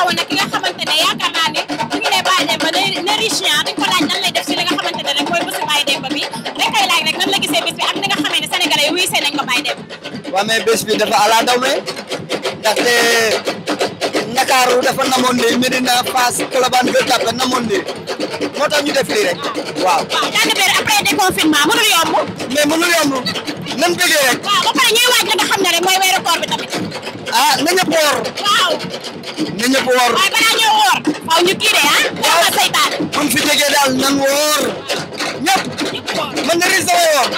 taxawoon na ki nga xamante ne yaakaar naa ne bu ñu nee Baye Demba ne riche dañ ko laaj nan lay def si li nga xamante ne rek mooy bésu Baye Demba bi dañ koy laaj rek nan la gisee bés bi ak ni nga xamee ne sénégalais yi wuy see nañ ko Baye Demba. waaw mais bés bi dafa ala daw me ndaxte Ndakaaru dafa namoon de Medina Fass Colobane Gueule Tapée namoon de moo tax ñu def lii rek waaw. waaw daanaka benn après déconfinement mënul yomb. mais mënul yomb nan bëggee rek. waaw ba pare ñuy waaj li nga xam ne rek mooy weeru koor bi tamit. ah nañu koor. waaw. na ñëpp woor. a balaa ñoo woor. waaw ñu kii de ah. waaw ma saytaal. bu ñu fi jógee daal nan woor. ñëpp. man na riche damay woor.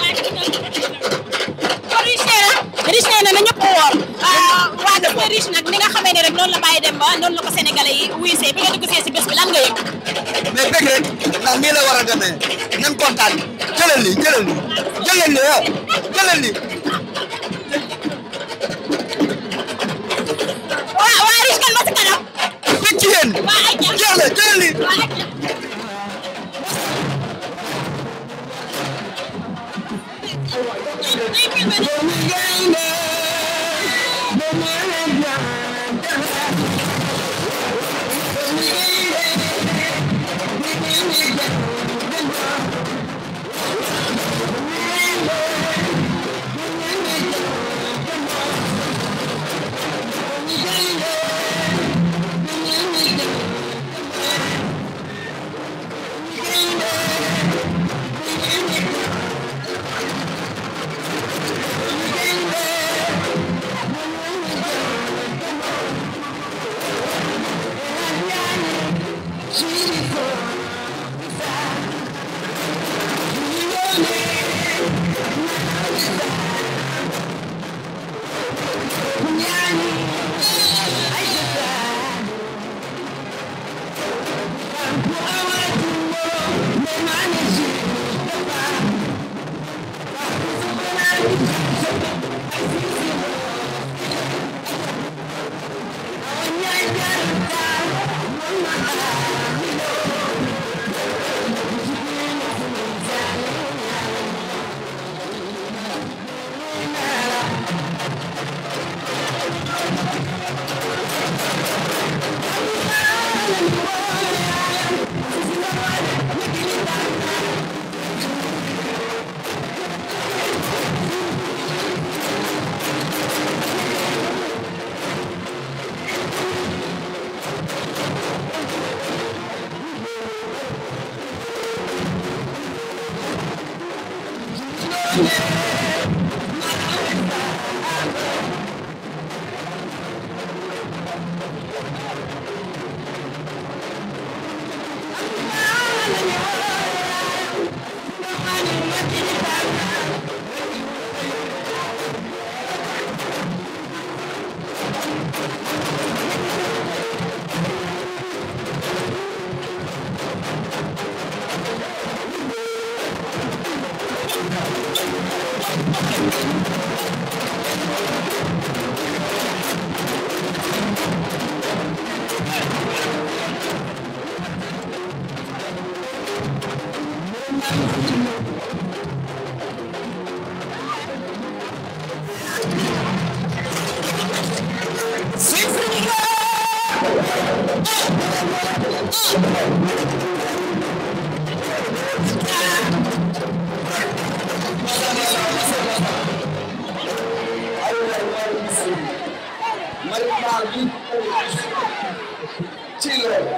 kon riche nee na. riche na ñëpp woor. Ah, waa gis nga riche nag ni nga xamee rek noonu la Baye Demba noonu la ko sénégalais yi bi nga dugg see bi lan nga yëg. mais bëgg rek ndax nii la demee nan kontaan jëlal lii jëlal lii jëlal yéen jeex na jëlee maa ngi ci loolu.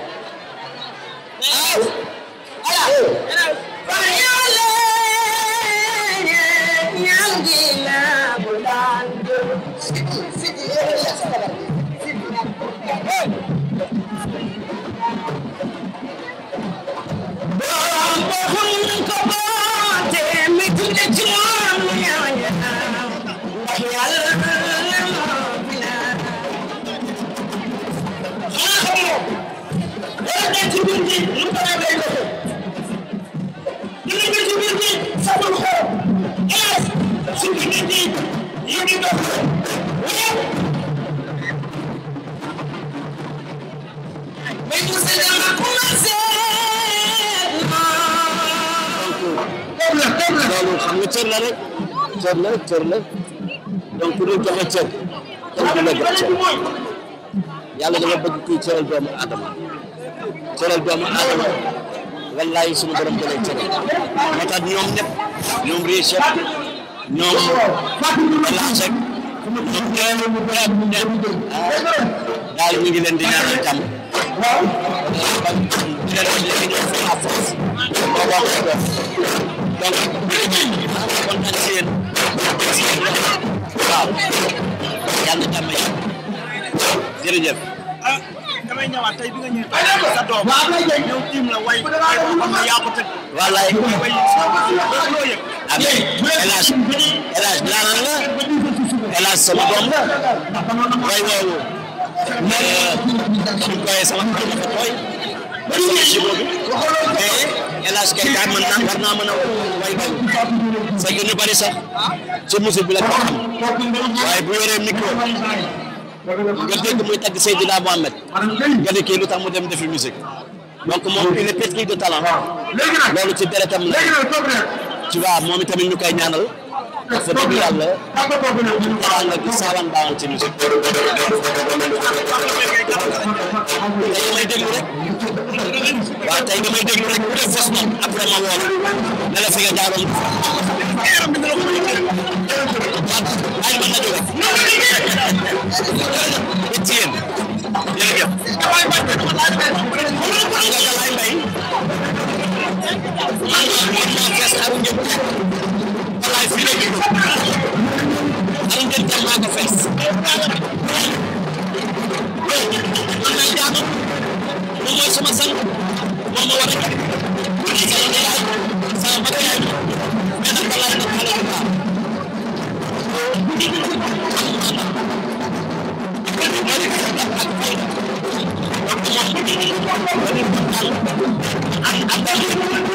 Borom bokkul ko cër la rek cër la cër la donc ñu joxe cër donc ñu la jox cër yàlla dama bëgg kuy cëral doomu adama cëral doomu aadama wallahi suñu borom da lay cëral moo tax ñoom ñëpp ñoom réussir ñoom lancé ñoom ñoom daal ñu ngi leen di ñaanal jàmm donc kontaan si yéen waaw yàlla jàmm jërëjëf damay ñëwaat tey bi nga ñëwee sa doom ñëw tiim la way way boo xam ne yaa ko tëgg wallaay way loo yëg amee hélas hélas naan la hélas sama doom la way woowu euh, suñ koy sama xol dafa tooy sama jibo bi mais hélas kay daa mën naa war naa mën a way bay sa yu bari sax ci musique bi la ko xam waaye bu yoree micro nga dégg muy tagg Seydina Mohamed nga ne kii lu tax mu dem defi musique donc moom il est pétri de talent loolu ci deretam la tu vois moom itamit ñu koy ñaanal parce que dëgg yàlla may déglu rek waaw tey nga may déglu rek ku def fos na après ma woon ay mën na jóge. ci yéen jërëjëf. Laay Mbay. man maa fees aru njëkk. walaay fii la ñu ko. aru njëkk maa ko fees. man lay jaama. moom mooy sama sang. moom ma war a. sama bakkaay. mais nag balaa nga xale bu baax. I'm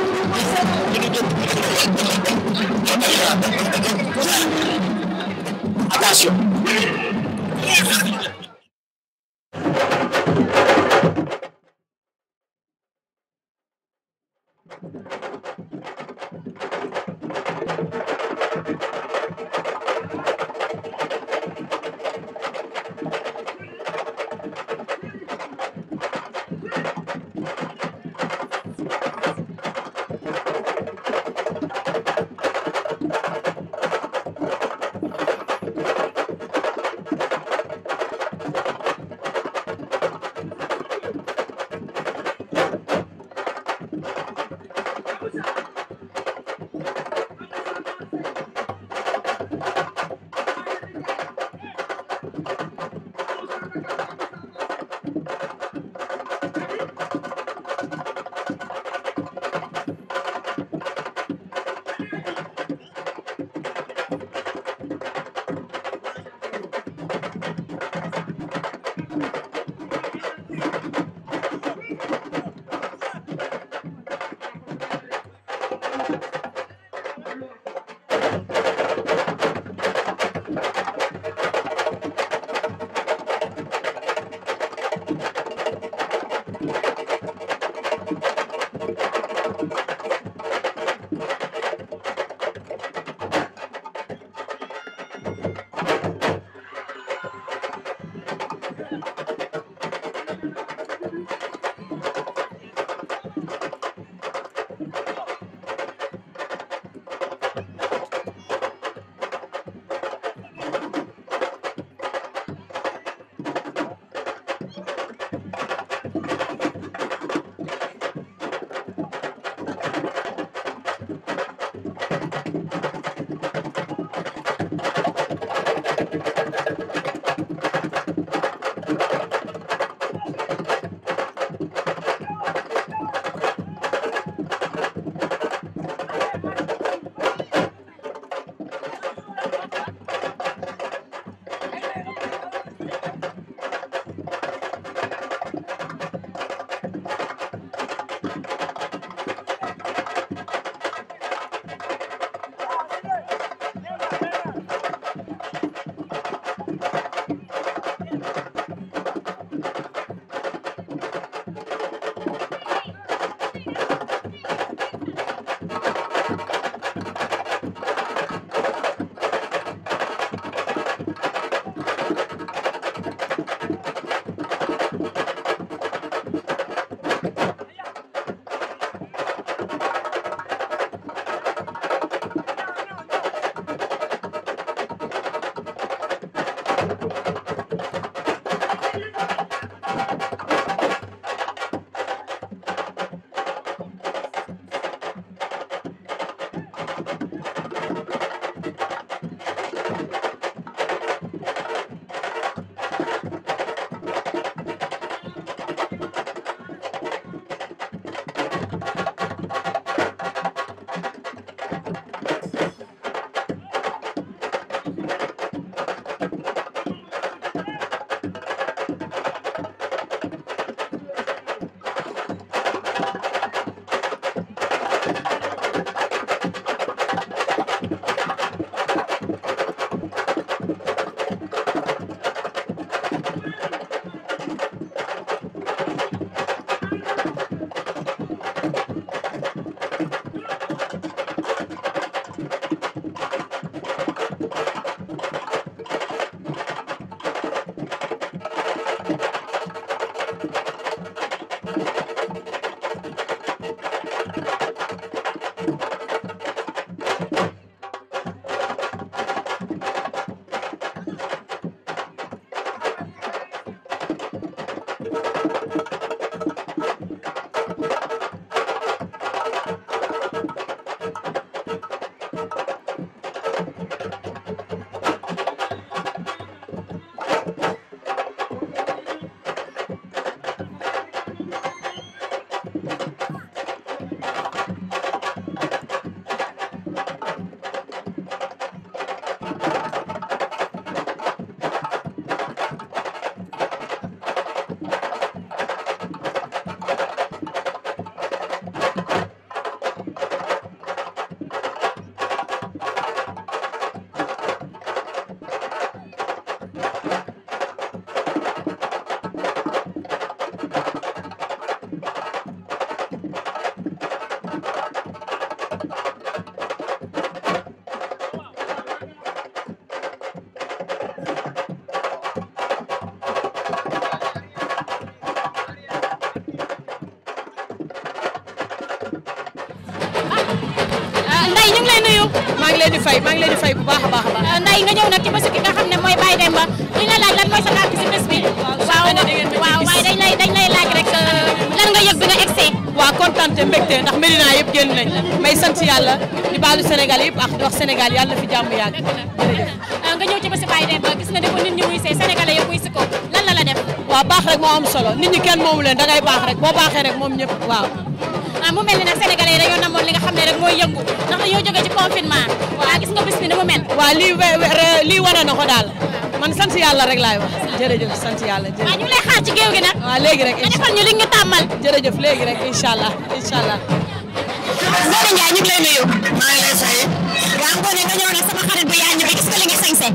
kontante mbégte ndax Medina yëpp génn may sant yàlla di baalu Sénégal yëpp ak di Sénégal yàlla na fi jàmm yàgg. Ah, nga ñëw ci ba si Baye Demba gis na ne ko nit ñi wuy see Sénégalais yëpp wuy si ko lan la la def. waaw baax rek moo am solo nit ñi kenn moomu leen dangay baax rek moom ñëpp waaw. Ah, mu mel ni nag sénégalais yi dañoo namoon li nga xam ne rek mooy yëngu ndax dañoo jógee ci confinement. waaw gis nga bis bi ni mu mel. waaw lii lii wane na ko daal man sant yàlla rek laay jërëjëf sant yàlla jërëjëf. waaw ah, ñu lay xaar ci géew gi nag. waaw ah, léegi rek incha allah nga defal ñu li nga tàmmal. jërëjëf léegi rek incha allah incha allah. Ngoné Ndiaye ñu ngi lay nuyu. maa ngi lay fay. waaw Ngoné nga ñëw nag sama xarit bu yaa ñëwee gis nga li nga sañse.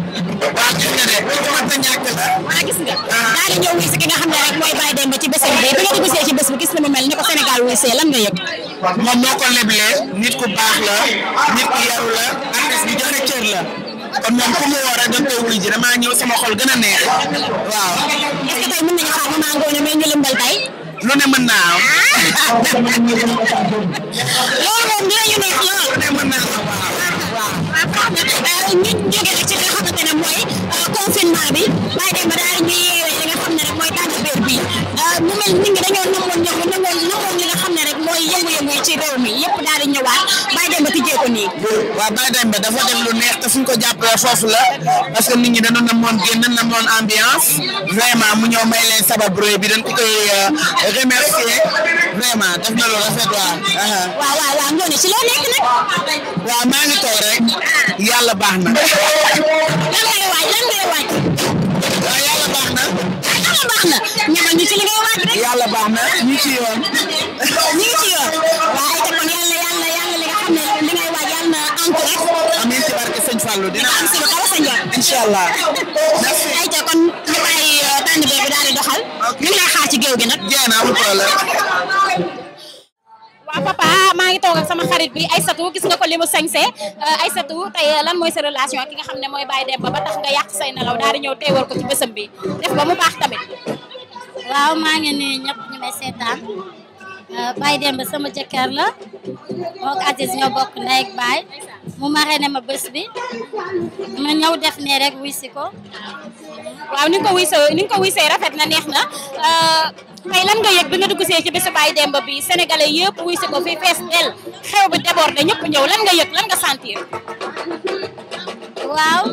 waaw gis nga de loolu tamit na ñàkk la. waaw ah, gis nga. daal di ñëw wuyu si ki nga xam ne rek mooy Baye Demba ci bésam bi bi nga dugg see ci bés bi gis na mu mel ni ko Sénégal wuyu see lan nga yëg. moom moo ko leblee nit ku baax la nit ku yaru la artiste bi joxe cër la kon mu woo rek dañ koy wuyu ji damaa ñëw gën a neex waaw. est-ce que tey mën nañu xaar maman Ngoné may ñu lëmbal ne mën naa am. loolu moom dinañu neex lool. lu ne mën naa am waaw. waaw xam nga euh, bi waaye dem ba daal ñuy bi ah, mu ni ngi dañoo nangoon ñoom nangoon nga xam ne rek mooy yëngu-yëngu yi ko nii. la parce que nit ñi dañoo mu bi dañ ko koy euh, na loo maa ngi toog rek yàlla baax na. na ñamal ñu bi xaar ci géew gi nag. jéem a amul problème. waaw papa maa ngi toog ak sama xarit bi Aïssatou gis nga ko li mu sañse euh, Aïssatou tey euh, lan mooy sa relation ki nga xam ne mooy Baye Demba ba tax nga yàq say nelaw daal di ñëw teewal ko ci bésam bi def ba mu baax tamit. waaw maa ngi nuyu ñëpp may seetaan euh, Baye Demba sama jëkkër la moog Aziz ñoo bokk ndey baay mu maree ne ma bés bi ma ñëw def ne rek wuy si ko waaw ni nga ko wuy see ni nga ko wuy see rafet na neex na euh, tey lan nga yëg bi nga dugg see ci bésu Baye Demba bi sénégalais yëpp wuy si ko fi fees del xew bi débordé ñëpp ñëw lan nga yëg lan nga sentir waaw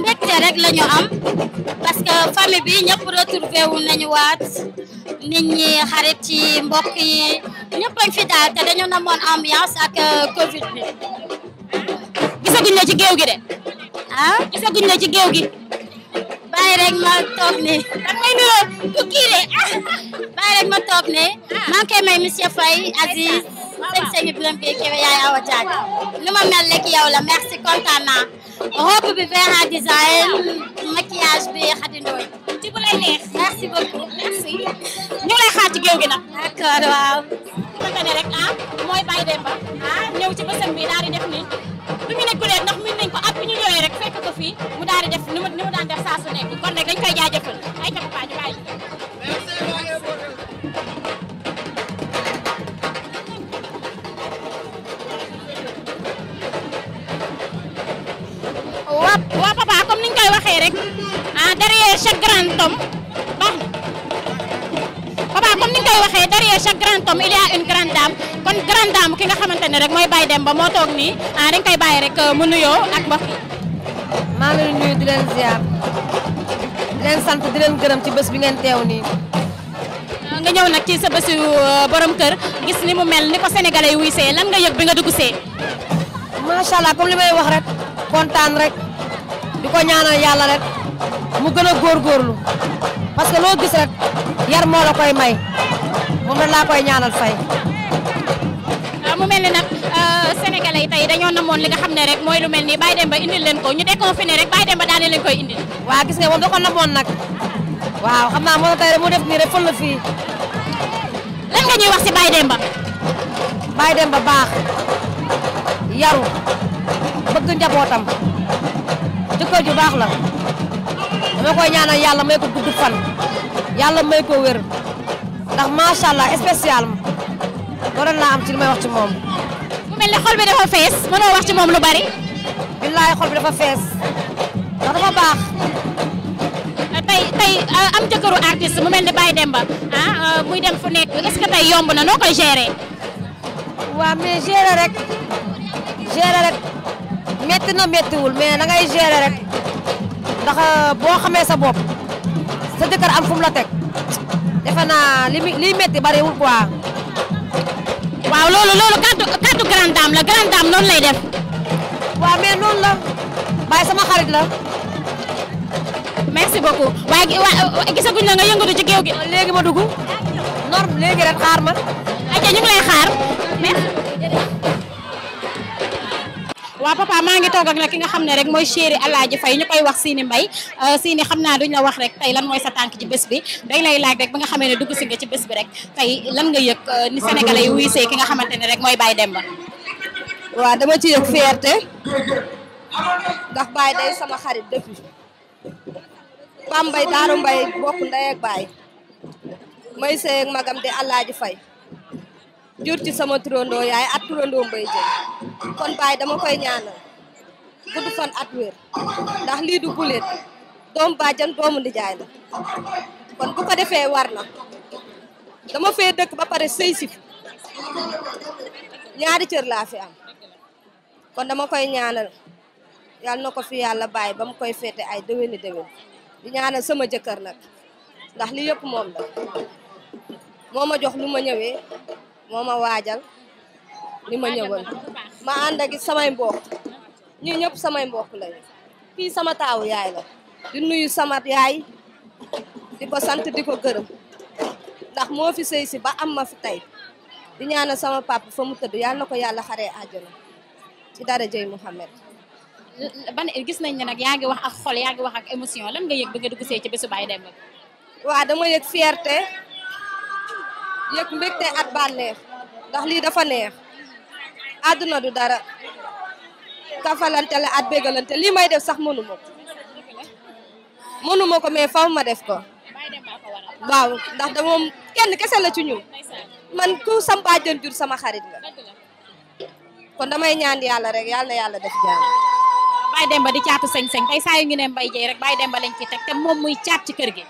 mbégte rek la ñu am parce que famille bi ñëpp retrouvé wu nañu waat nit xarit yi mbokk yi fi daal te dañu namoon ambiance ak euh, Covid bi. gisaguñ la ci géew gi de. ah gisaguñ ci géew gi. bàyyi rek ma toog ne. da may monsieur Faye Aziz. waaw sëñ Sëñ Birame Gueye Kébé yaay Awa Diagne. nu ma mel rek yow la merci kontaan robe bi Vera design maquillage bi Khady Ndoye. ci lay neex. merci beaucoup merci. ñu lay gi nag. d'accord waaw. Ah, mooy Baye Demba. ah ñëw ci bësam bi daal di bi mu nekkul rek ndax mën nañ ko ak bi ñu rek fekk ko fii mu daal di def ni mu ni mu daan def saa su nekk kon nag dañ koy jaajëfal ay cappaandu bàyyi. waa waa papa comme ni ñu koy waxee rek ah derrière chaque grand homme baax na papa comme ni ñu koy waxee derrière chaque grand homme il y une grande dame kon grande dame ki nga xamante rek mooy dem ba moo toog nii ah dañ koy bàyyi rek mu nuyoo ak mbokk yi. maa ngi di leen ziar di leen sant di leen gërëm ci bés bi ngeen teew nii. Ah, nga ñëw nag ci sa bésu euh, borom kër gis ni mu mel ni ko sénégalais yi wuy nga yëg bi nga dugg see. comme li may di ko ñaanal yàlla rek mu gën a góorgóorlu parce que loo gis rek yar moo la koy may moom rek laa koy ñaanal fay. Ah, mu mel ni nag ah, sénégalais yi tey dañoo namoon li nga xam ne rek mooy lu mel nii Baye ba indil leen ko ñu déconfiné rek Baye Demba daane leen koy indil. waaw gis nga moom da ko namoon nag waaw xam naa moo tax rek mu def nii rek fël la fii. lan nga ñuy wax si Baye Demba. Baye Demba baax yaru bëgg njabootam. jëkkër ju baax la dama koy ñaanal yàlla may ko gudd fan yàlla may ko wér ndax macha allah spécial waroon naa am ci li may wax ci moom. mu mel ne xol bi dafa fees mënoo wax ci moom lu bari. billaay xol bi dafa fees ndax dafa baax. Euh, tey tey euh, am jëkkëru artiste mu mel ni Baye Demba ah euh, muy dem fu nekk est-ce yomb na noo koy gérer. waaw mais gérer rek gérer rek. métti na mettiwul mais da ngay gérer rek ndax euh, boo xamee sa bopp sa jëkkër am la teg defe naa li liy métti bariwul quoi. waaw loolu loolu kàttu kàttu grande la grande dame noonu lay def. waaw mais noonu la waaye sama xarit la. merci beaucoup waaye waaye euh, euh, gisaguñ nga yëngatu ci géew gi. léegi ma duggu norme léegi rek xaar ma. ayca ñu ngi lay xaar merci. waaw papa maa ngi toog na ki nga xam ne rek mooy chéri Alaaji Faye ñu koy wax Sini Mbaye euh, siini xam naa duñ la wax rek tey lan mooy sa tànk ci bés bi dañ lay laaj rek ba nga xamee ne dugg si nga ci bés bi rek tey lan nga yëg euh, ni sénégalais yi wuysee ki nga xamante ne rek mooy Baye Demba waa dama ci yëg fierté ndax Baye day sama xarit depuis Pambay Daaru Mbay bokk ndey ak Baye may sëy magam di Alaaji Faye jur ci sama turandoo yaay at turandoo mbay jël kon baay dama koy ñaanal gudd fan at wér ndax lii du bulet doomu bàjjan doomu ndijaay la kon bu ko defee war na dama fee dëkk ba pare sëy si ñaari cër laa fi am kon dama koy ñaanal yàlla na ko fi yàlla bàyyi ba mu koy féete ay déwéni déwén di ñaanal sama jëkkër nag ndax li yëpp moom moo ma jox lu ma ñëwee moo ma waajal li ma ñëwoon ma ànd ak samay mbokk ñu ñëpp samay mbokk lañu kii sama taawu yaay la di nuyu sama yaay di ko sant di ko gërëm ndax moo fi sëy si ba am ma fi tey di ñaanal sama papa fa mu tëdd yàlla na ko yàlla xaree àjjana ci dara jëy Mouhamed ban gis nañ ne nag yaa ngi wax ak xol yaa ngi wax ak émotion lan nga yëg bi nga dugg see ci bésu Baye Demba waaw dama yëg fierté yëg mbégte at bànneex ndax lii dafa neex àdduna du dara kafalante la at bégalante li may def sax mënu ma ko mënu mais faw ma def ko waaw ndax da moom kenn kese la ci ñun man ku sampaa jën jur sama xarit nga kon damay ñaan yàlla rek yàlla na yàlla def jàmm Baye Demba di caatu señ-señ tey saa yu ñu ne Mbaye Dieye rek Baye Demba lañ ci teg te moom muy caat ci kër gi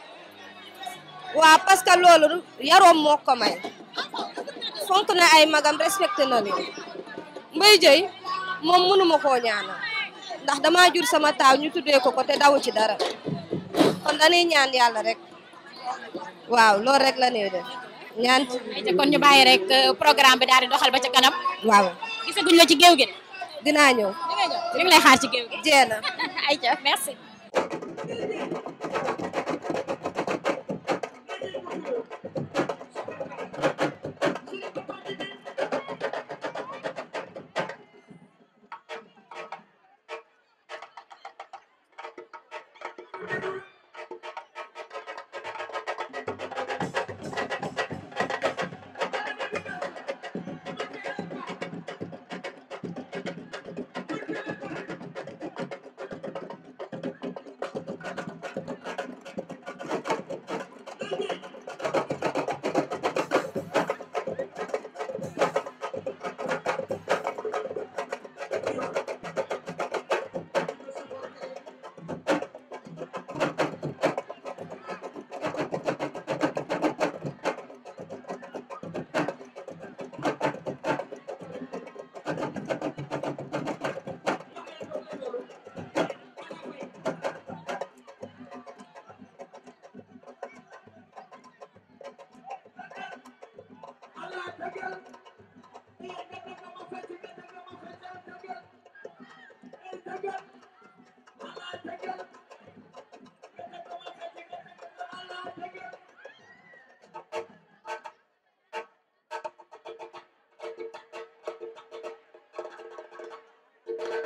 waa parce que loolu yaroom moo ko may fonk na ay magam respecté na leen Mbaye Dieye moom mënuma koo ñaanal ndax dama jur sama taaw ñu tuddee ko ko te daw ci dara kon dañuy ñaan yàlla rek waaw loolu rek la ñuy def ñaan kon ñu bàyyi rek euh, programme bi daal doxal ba ca kanam waaw gisaguñ la ci géew gi dinaa ñëw ñu ngi ci géew gi jeena ayca merci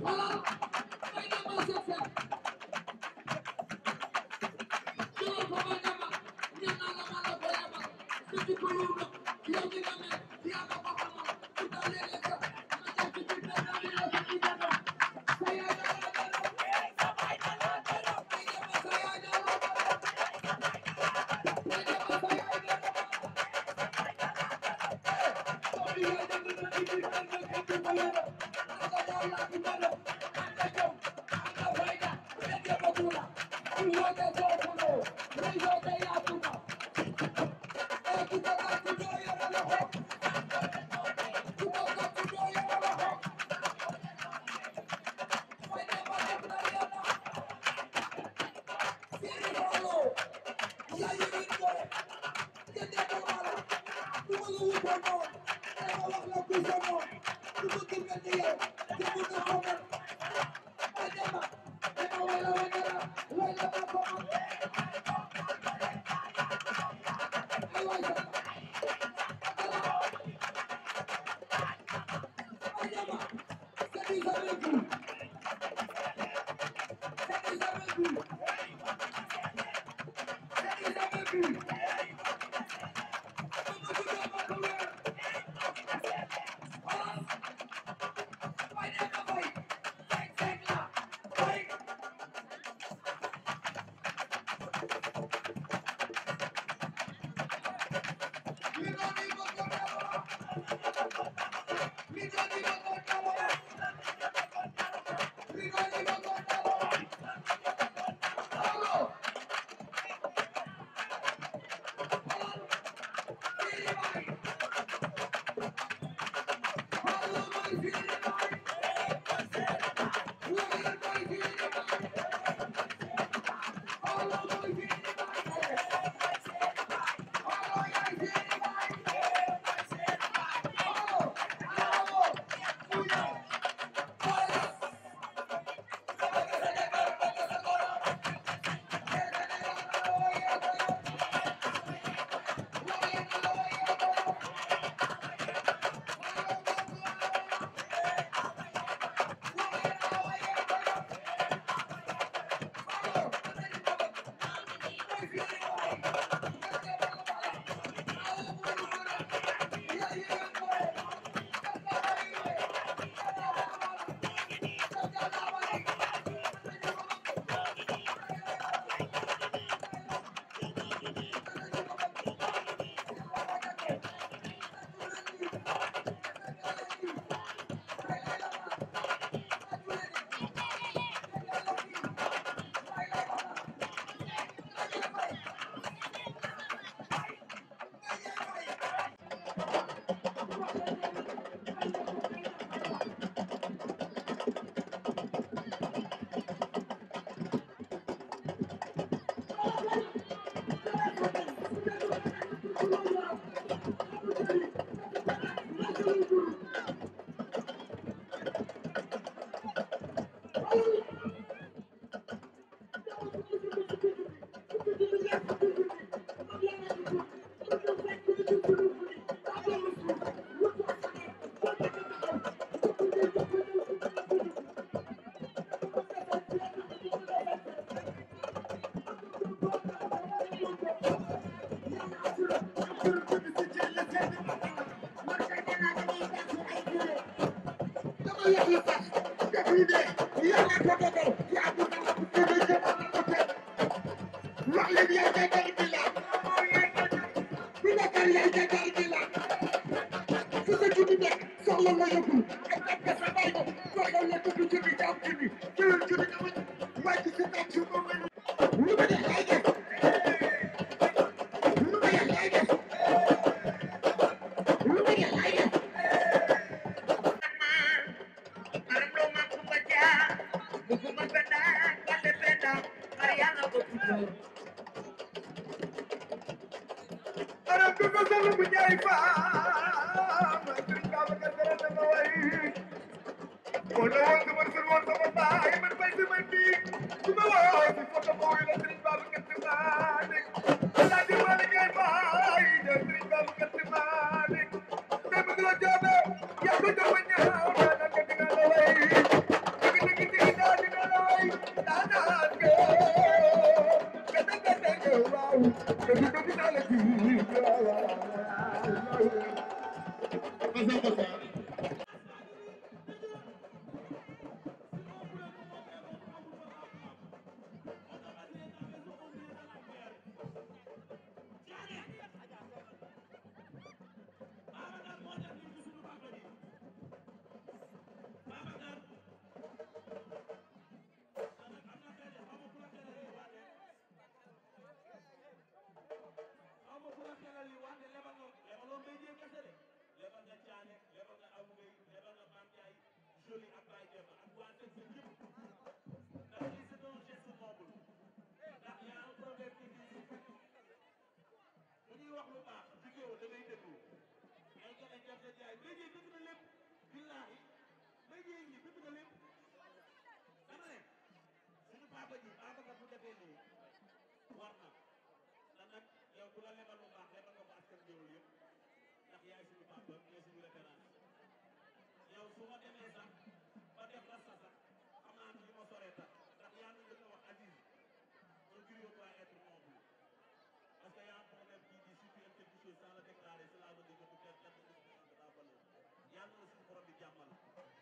Voilà. la ku la lebal bu baax lebal nga ko askan jëwul yëpp ndax yaay suñu papa yaay suñu référence yow su ma demee sax ba def rasta sax xam naa li ma soree tax ndax yaa ngi njëkk a wax Aziz un griot doit être noble parce que y' a un problème qui dit si tu aimes quelque chose sans le déclarer cela veut dire que tu perds quelque chose de la valeur yàlla na suñu borom bi jàmmal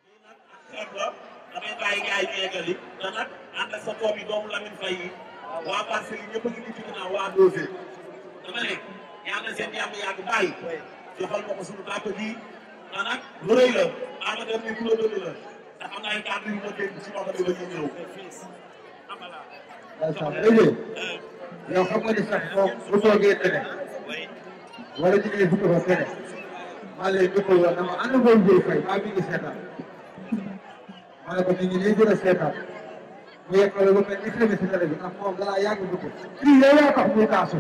lii nag ak xeet la damay bàyyi gars yi ñu yeggali te nag ànd ak sa doom yi doomu Lamine Faye yi waa parce que ñëpp a ngi ci ginnaaw waa Dosé dama ne yàlla na seen yàlla yàgg bàyyi joxal ma ko suñu papa ji ma nag lu rëy la ama dem ni ku la bëgg la te am na ay kàddu yu ma dégg ci papa bi ba ñu ñëw ndeysaan léegi yow xam nga ni sax moom bu toogee tene wala jigéen bu ko tene maa lay dëkk woon dama ànd nga Ndiaye Faye maa ngi seetaan ma ne ko nit ñi lii gën a seetaan mu yeggale ba mel ni xëy na si télé bi ndax moom dalaa yàgg dugg kii yow yaa tax muy taasu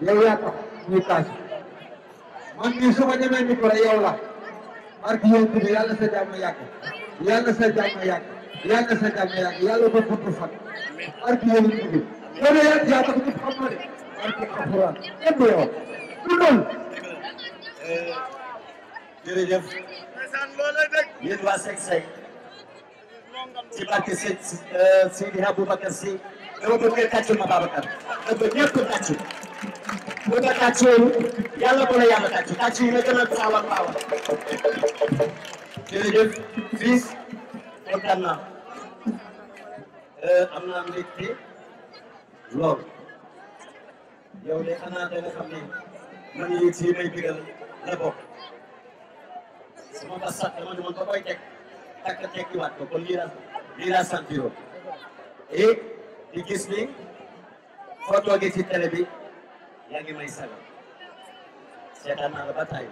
yow yaa tax ñuy taaj man mii su ma demee micro yow la barke yéen bi yàlla sa jàmm yàgg yàlla sa jàmm yàgg yàlla sa jàmm yàgg yàlla ba gudd fan barke yéen bi loolu yàlla yaa tax ñu xam ma de barke alxuraan kenn du yow du loolu jërëjëf yéen waa Seck Seck ci barke euh, Seydi Aboubacar Sy dama bëgg nga tàccu ma Babacar dama bëgg ñëpp tàccu bu ko tàcc yooyu yàlla bu la yàlla tàcc tàcc yi na gën a saawar baaw jërëjëf fils kontaan naa euh, am naa mbégte lool yow de xanaa danga xam ne man yëg si may bigal la bokk sama bas sax dama ne man ba koy teg takk tekkiwaat ko kon lii la lii la sant et di gis ni foo toogee ci télé bi yaa ngi may sagal seetaan naa la ba tàyyi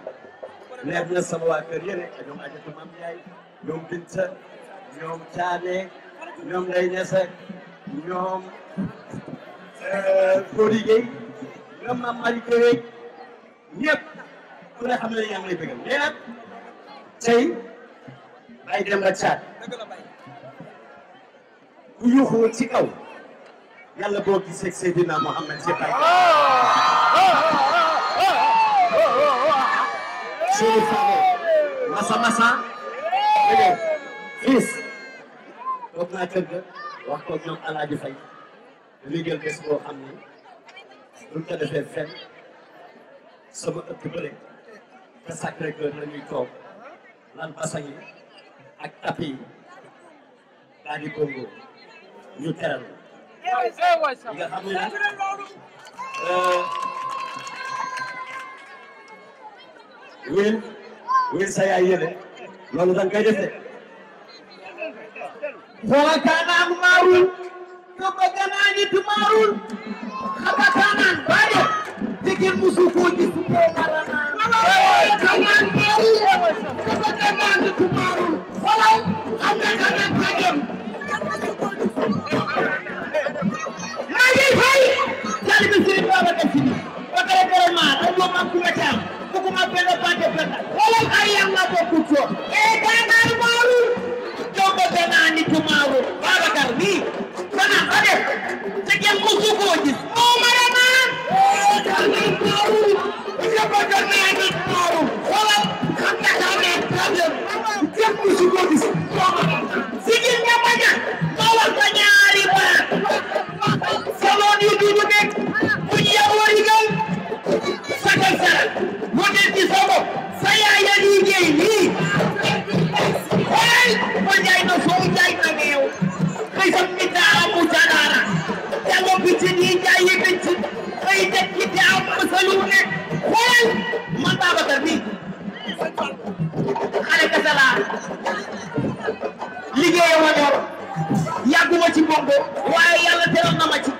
neex na sama waa kër yële ak ñoom ajatu mam yaay ñoom Binta ñoom Caane ñoom Ndeye Niassek ñoom Cody euh, Gueye ñoom Mame Mari ku ne xam ne yaa ngi may bëggal mais nag bay dem ba ku yuuxu ci kaw yàlla boo gisee Seydina Mohamed si bay masa masa dégg fils toog naa wax ko ñoom Alaaji Fay dañuy jël bés boo xam ne duñ ko defee fenn sama ëtt bële te Sacré-Cœur la ñuy toog lan basang yi ak tapi yi daa di Congo nga xam ne wil wil sa yaay yële loolu da nga koy def de wala kaanaan maarul ko bëgga naa nit maarul xaba kaanaan baaje jigéen musu ko gis kaanaan maarul ko bëgga naa nit maarul wala xam nga kaanaan baaje hay taalibe Serigne Babacar Sy bakare koroma ayo makuma cam kokuma pendo pante pata wolon ariyamma ko kutto e dangal maru jogo danani tumaru Babacar ni sana ade tegen ko sukoji o marama dangal maru jogo danani tumaru wolon kamdakama ci xëy teg ci te am asalu ne xoolal man Babacar bi xale kese laa liggéeyam a ñor yàgguma ci mbokk waaye yàlla teral na ma ci.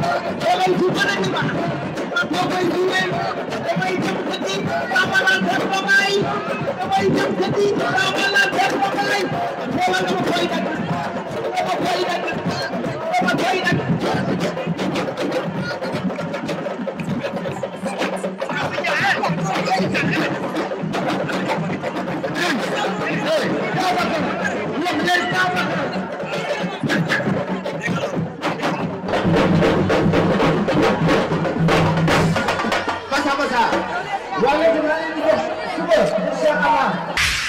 damay ji ba nañu ba damay ji leen damay jëm kati baba la def ba may damay jëm kati baba la def ba may wala dama koy nag dama koy nag dama koy nag Hey, hey, hey, hey, hey, hey, hey, hey, hey, hey, Basa basa. Wala dama leen di def suba. Cheikh Allah.